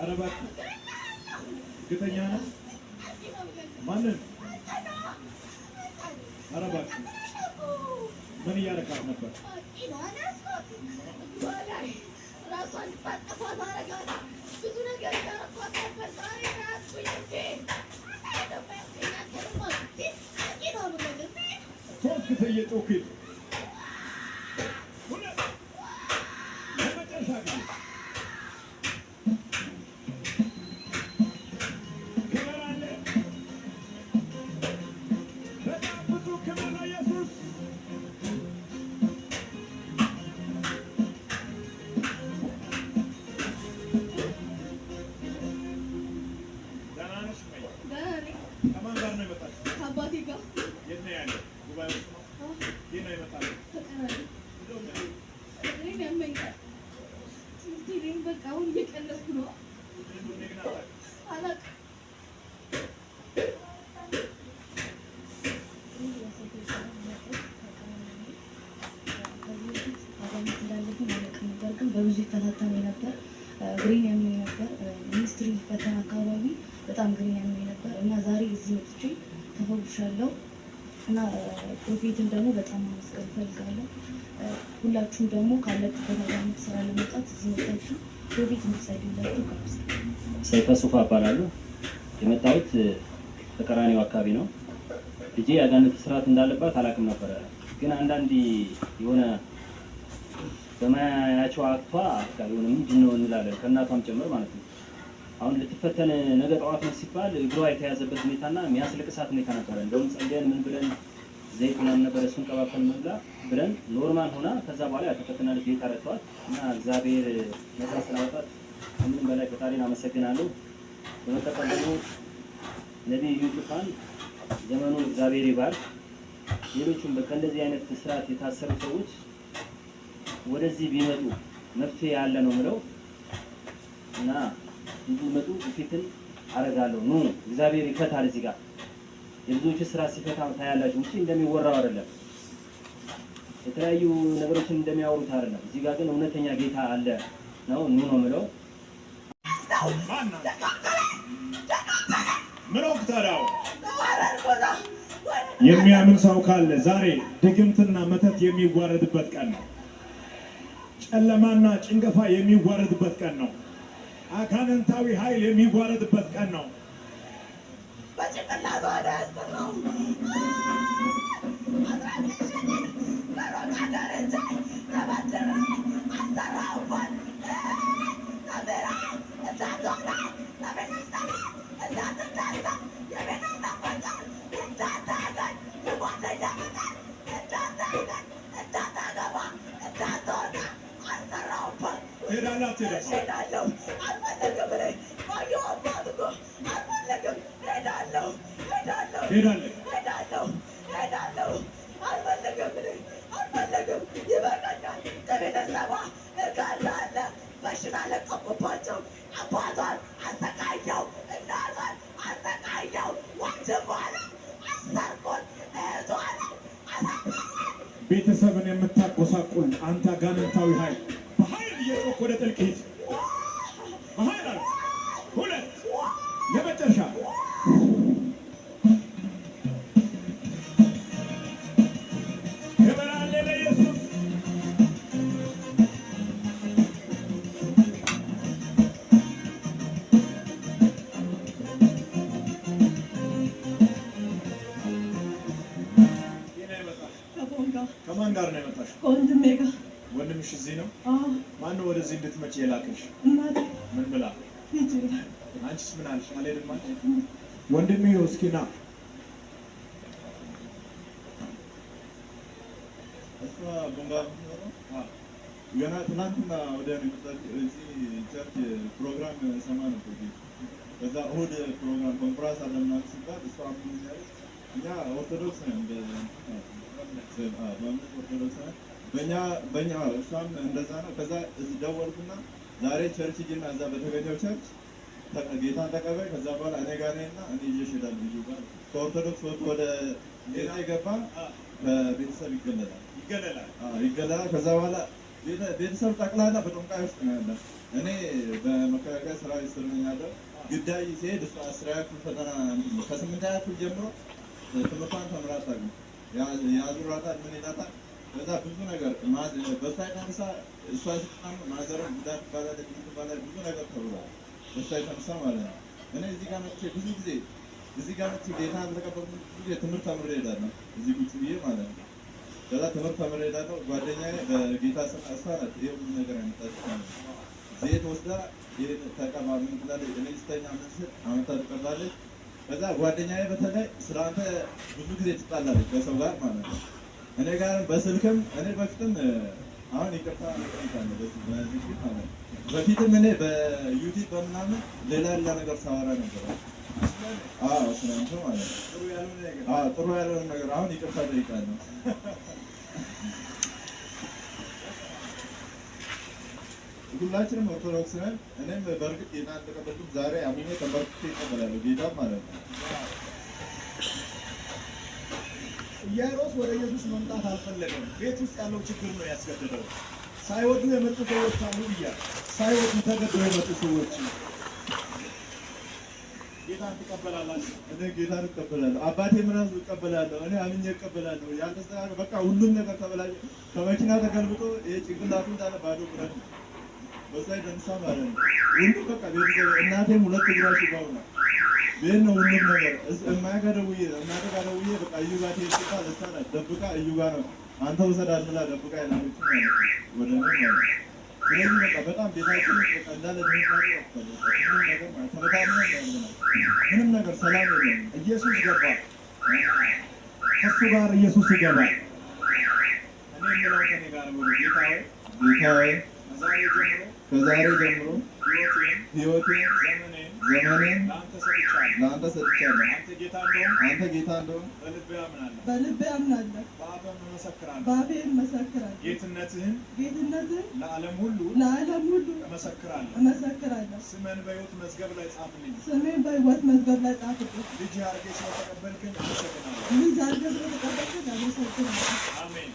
Arabat. Gitanyana. Mannen. Araba. Mani yara karna pa. Çok güzel yet okuyun. እኔም በቃ አሁን እየቀለስኩ ነው። ነበር፣ ግን በብዙ ይፈታተን ነበር። ግሪን ያምኝ ነበር። ሚኒስትሪ ፈተና አካባቢ በጣም ግሪን ያምኝ ነበር እና ዛሬ እዚህ መጥቼ ተፈጉሻለሁ። እና ፕሮፌትን ደግሞ በጣም ማመስገን እፈልጋለሁ። ሁላችሁም ደግሞ ካለችሁ አዳነት ስራ ለመውጣት እዚህ መጣችሁ ፕሮፌት የምትጸልዩላችሁ ጋብስ ሰይፈ ሱፋ እባላለሁ። የመጣሁት ተቀራኒው አካባቢ ነው። ልጄ የአዳነት ስርዓት እንዳለባት አላውቅም ነበረ። ግን አንዳንድ የሆነ በማያቸው አክቷ የሆነ ምንድን ነው እንላለን ከእናቷም ጭምር ማለት ነው አሁን ልትፈተን ነገ ጠዋት ነው ሲባል እግሯ የተያዘበት ሁኔታና የሚያስለቅሳት ሁኔታ ነበረ። እንደውም ጸልየን ምን ብለን ዘይት ምናምን ነበረ እሱን ቀባብተን መላ ብለን ኖርማል ሆና ከዛ በኋላ ያተፈተናለች ቤት አረቷል እና እግዚአብሔር ነጻ ስላወጣት ከምንም በላይ ፈጣሪን አመሰግናለሁ። በመቀጠል ደግሞ ነቢይ እዩ ጩፋን ዘመኑን እግዚአብሔር ይባርክ። ሌሎቹም በቃ አይነት ስርዓት የታሰሩ ሰዎች ወደዚህ ቢመጡ መፍትሄ ያለ ነው ምለው እና እንዲመጡ ፊትን አደርጋለሁ ኑ እግዚአብሔር ይፈታል። እዚህ ጋር የብዙዎች ስራ ሲፈታ ታያላችሁ እንጂ እንደሚወራው አይደለም። የተለያዩ ነገሮችን እንደሚያወሩት አይደለም። እዚህ ጋር ግን እውነተኛ ጌታ አለ ነው። ኑ ነው ምለው የሚያምን ሰው ካለ ዛሬ ድግምትና መተት የሚዋረድበት ቀን ነው። ጨለማና ጭንገፋ የሚዋረድበት ቀን ነው። አጋንንታዊ ኃይል የሚዋረድበት ቀን ነው። እሄዳለሁ አልፈለግም ብለህ ባየሁ አባትጎ አልፈለግም እሄዳለሁ እሄዳለሁ እሄዳለሁ እሄዳለሁ አልፈለግም ብለህ አልፈለግም ይበቃኛል። ከቤተሰቧ እጋላ አለ በሽታ ለቀቁባቸው። አባቷን አሰቃየው፣ እናቷን አሰቃየው፣ ወንድሟንም አሰርኩት፣ እህቷንም አሳፈራት። ቤተሰብን የምታቆሳቁል አንተ ጋንንታዊ ኃይል እየጮክ ወደ ጥልቅ ሂድ። ሁለት የመጨረሻ ከማን ጋር ነው የመጣሽው? ከወንድሜ ጋር ወንድምሽ እዚህ ነው? ማነው ወደዚህ እንድትመጪ የላከሽ? ምን ብላ? አንቺስ ምን አለሽ? አልሄድም አለሽ? ወንድሜ እስኪ ና ገና ትናንትና ወደ ቸርች ፕሮግራም ሰማ ነበር። በዛ እሑድ ፕሮግራም ኮንፍራንስ አለምና ሲባል እሷ እኛ ኦርቶዶክስ ነን፣ በእምነት ኦርቶዶክስ ነን በእኛ በእኛ እሷም እንደዛ ነው። ከዛ ደወልኩና ዛሬ ቸርች ሂጂና እዛ በተገኘው ቸርች ጌታን ተቀበይ፣ ከዛ በኋላ እኔ ጋር ነይና እኔ ይዤሽ እሄዳለሁ ልጁ ጋር ከኦርቶዶክስ ወጥቶ ወደ ጌታ ይገባ ከቤተሰብ ይገለላል ይገለላል። ከዛ በኋላ ቤተሰብ ጠቅላላ በጠንቋይ ውስጥ ነው ያለ። እኔ በመከላከያ ስራ ስር ነኝ ያለው። ግዳይ ሲሄድ እሷ አስራ ፈተና ከስምንት ክፍል ጀምሮ ትምህርቷን ተምራታ ያዙራታል፣ ምን ይላታል ከዛ ብዙ ነገር በእሷ የተነሳ እሷ ስትናም ማዘረም ጉዳት ይባላል፣ ይባላል ብዙ ነገር ተብሏል። በእሷ የተነሳ ማለት ነው። እኔ እዚህ ጋር መቼ ብዙ ጊዜ እዚህ ጋር መቼ ጌታ በተቀበሉ ጊዜ ትምህርት ተምሬ እሄዳለሁ። እዚህ ቁጭ ብዬ ማለት ነው። ከዛ ትምህርት ተምሬ እሄዳለሁ። ጓደኛዬ በጌታ ስም እሷ ናት ይሄ ብዙ ነገር ያመጣችው ማለት ነው። ዘይት ወስዳ ተቀባ ምን ትላለች? እኔ ስተኛ ምስል አመታ ትቀባለች። ከዛ ጓደኛዬ በተለይ ስለአንተ ብዙ ጊዜ ትጣላለች ከሰው ጋር ማለት ነው እኔ ጋርም በስልክም እኔ በፊትም አሁን ይቅርታ በፊትም እኔ በዩቲዩብ በምናምን ሌላ ሌላ ነገር ሳወራ ነበር። አዎ ስለአንተ ማለት ነው። ጥሩ ያልሆነ ነገር አሁን ይቅርታ እጠይቃለሁ። ሁላችንም ኦርቶዶክስ ነን። እኔም በእርግጥ ጌታ አልተቀበልኩም። ዛሬ አምኜ ተንበርክኬ እቀበላለሁ ጌታ ማለት ነው። ኢያኢሮስ ወደ ኢየሱስ መምጣት አልፈለገም። ቤት ውስጥ ያለው ችግር ነው ያስገድደው። ሳይወዱ የመጡ ሰዎች አሉ ብያል። ሳይወዱ ተገድደው የመጡ ሰዎች ጌታን ትቀበላላችሁ? እኔ ጌታን እቀበላለሁ። አባቴ ምናምን እቀበላለሁ። እኔ አምኜ እቀበላለሁ። ያልተስተካከለ በቃ ሁሉም ነገር ተበላሸ። ከመኪና ተገልብጦ ይሄ ጭንቅላቱ እንዳለ ባዶ ብረት ነው። በዛ ደንሳ ማለት ነው። ሁሉም በቃ ቤተሰብ እናቴም ሁለት እግራሽ ባውና ይህን ነው ሁሉም ነገር የማያገደውዬ የማያገደውዬ በቃ እዩ ጋር ትሄድና ደስታ ናት ደብቃ እዩ ጋር ነው አንተ ውሰድ አልላ ደብቃ የላሞች ማለት ወደ ነው። ስለዚህ በቃ በጣም ቤታችን በቃ እንዳለ ድንፋሪ ምንም ነገር ተበታትነን ያለናል። ምንም ነገር ሰላም የለም። ኢየሱስ ገባ፣ ከሱ ጋር ኢየሱስ ይገባ። እኔ የምለው ከኔ ጋር ነው ጌታ ጌታ ከዛሬ ጀምሮ ከዛሬ ጀምሮ ህይወቴ ዘመኔ ዘመኑን ለአንተ ሰጥቻለሁ። አንተ ጌታ እንደሆን በልቤ አምናለሁ፣ በአፌ መሰክራለሁ። ጌትነትህን ለዓለም ሁሉ እመሰክራለሁ። ስሜን በሕይወት መዝገብ ላይ ጻፍልኝ። ልጅ አድርገህ ስለተቀበልከኝ አመሰግናለሁ። አሜን።